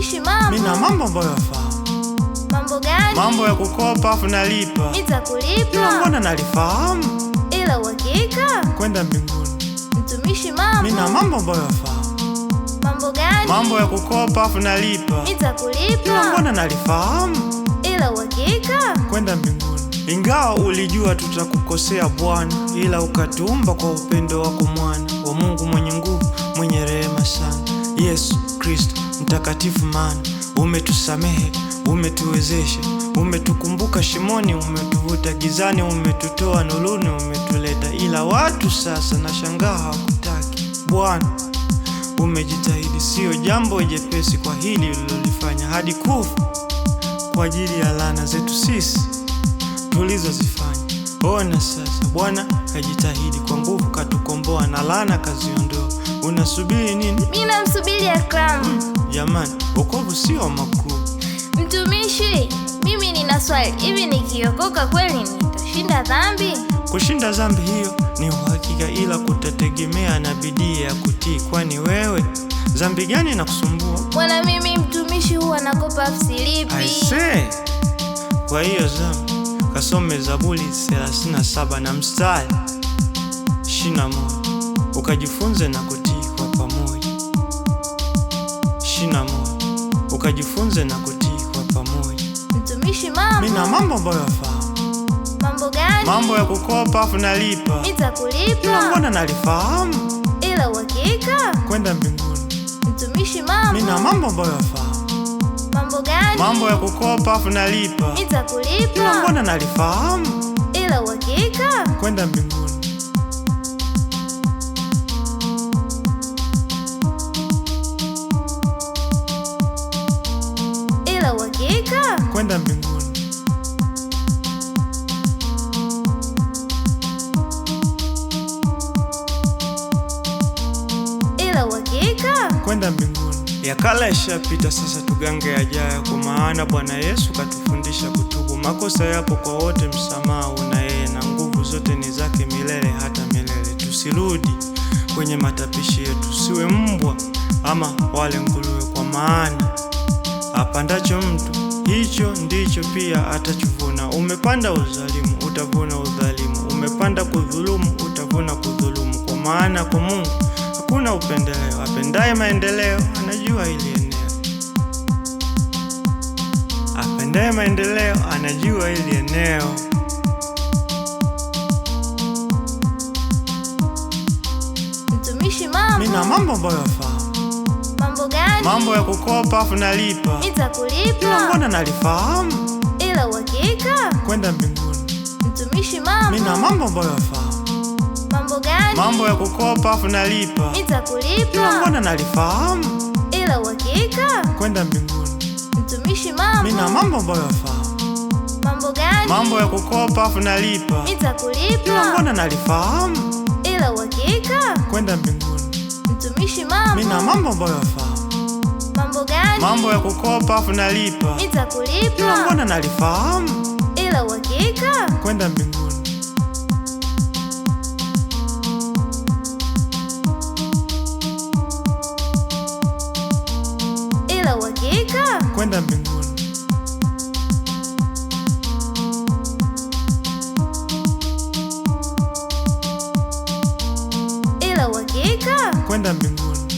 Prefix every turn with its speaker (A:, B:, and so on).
A: unaishi mambo.
B: Mimi na mambo ambayo yafahamu.
A: Mambo gani?
B: Mambo ya kukopa afu nalipa.
A: Nitakulipa.
B: Ila mbona nalifahamu?
A: Ila uhakika?
B: Kwenda mbinguni.
A: Mtumishi mambo.
B: Mimi na mambo ambayo yafahamu.
A: Mambo gani?
B: Mambo ya kukopa afu nalipa.
A: Nitakulipa.
B: Ila mbona nalifahamu?
A: Ila uhakika?
B: Kwenda mbinguni. Ingawa ulijua tutakukosea Bwana, ila ukatumba kwa upendo wako, mwana wa Mungu mwenye nguvu, mwenye rehema sana, Yesu Kristo mtakatifu mana umetusamehe, umetuwezesha, umetukumbuka shimoni, umetuvuta gizani, umetutoa nuruni, umetuleta. Ila watu sasa na shangaa hawakutaki. Bwana, umejitahidi, sio jambo jepesi kwa hili ulilolifanya, hadi kufa kwa ajili ya laana zetu sisi tulizozifanya. Ona sasa Bwana kajitahidi kwa nguvu, katukomboa na laana kaziondoa. Unasubiri nini?
A: Mimi namsubiri Akram
B: jamani, wokovu sio makuu.
A: Mtumishi, mimi nina swali, hivi nikiokoka kweli nitashinda dhambi?
B: Kushinda dhambi hiyo ni uhakika, ila kutategemea na bidii ya kutii. Kwani wewe dhambi gani na kusumbua?
A: Bwana, mimi mtumishi huwa nakopa silipi.
B: Aisee, kwa hiyo dhambi kasome Zaburi 37 na mstari 21 ukajifunze na kutii na moyo, ukajifunze na kutii kwa pamoja.
A: Mtumishi mama,
B: mimi na mambo ambayo yafahamu.
A: Mambo gani?
B: Mambo ya kukopa afu nalipa.
A: Nitakulipa.
B: Ila mbona nalifahamu?
A: Ila uhakika
B: kwenda mbinguni.
A: Mtumishi mama,
B: mimi na mambo ambayo yafahamu.
A: Mambo gani?
B: Mambo ya kukopa afu nalipa.
A: Nitakulipa.
B: Ila mbona nalifahamu?
A: Ila uhakika
B: kwenda mbinguni. kwenda mbinguni. Ya kale sasa tugange yajayo, kwa maana Bwana Yesu katufundisha kutubu. Makosa yapo kwa wote, msamaha una yeye, na nguvu zote ni zake milele hata milele. Tusirudi kwenye matapishi yetu, siwe mbwa ama wale nguruwe, kwa maana apandacho mtu hicho ndicho pia atachuvuna. Umepanda udhalimu, utavuna udhalimu. Umepanda kudhulumu, utavuna kudhulumu, kwa maana kwa Mungu hakuna upendeleo. Apendaye maendeleo anajua ili eneo, apendaye maendeleo anajua ili eneo.
A: Mtumishi mambo,
B: mina mambo ambayo
A: Mambo gani?
B: Mambo ya kukopa afu nalipa.
A: Nitakulipa.
B: Ila mbona nalifahamu,
A: ila uhakika
B: kwenda mbinguni.
A: Mtumishi mambo,
B: mina mambo ambayo yafahamu gani? Mambo ya kukopa afu nalipa.
A: Nitakulipa.
B: Ila mbona nalifahamu?
A: Ila uhakika?
B: Kwenda mbinguni.
A: Mtumishi mama.
B: Mimi na mambo ambayo nafahamu.
A: Mambo gani?
B: Mambo ya kukopa afu nalipa.
A: Nitakulipa.
B: Ila mbona nalifahamu?
A: Ila uhakika?
B: Kwenda mbinguni.
A: Mtumishi mama.
B: Mimi na mambo ambayo nafahamu.
A: Mambo gani?
B: Mambo ya kukopa afu nalipa.
A: Nitakulipa.
B: Ila mbona nalifahamu?
A: Ila uhakika?
B: Kwenda mbinguni. kubahatika kwenda mbinguni.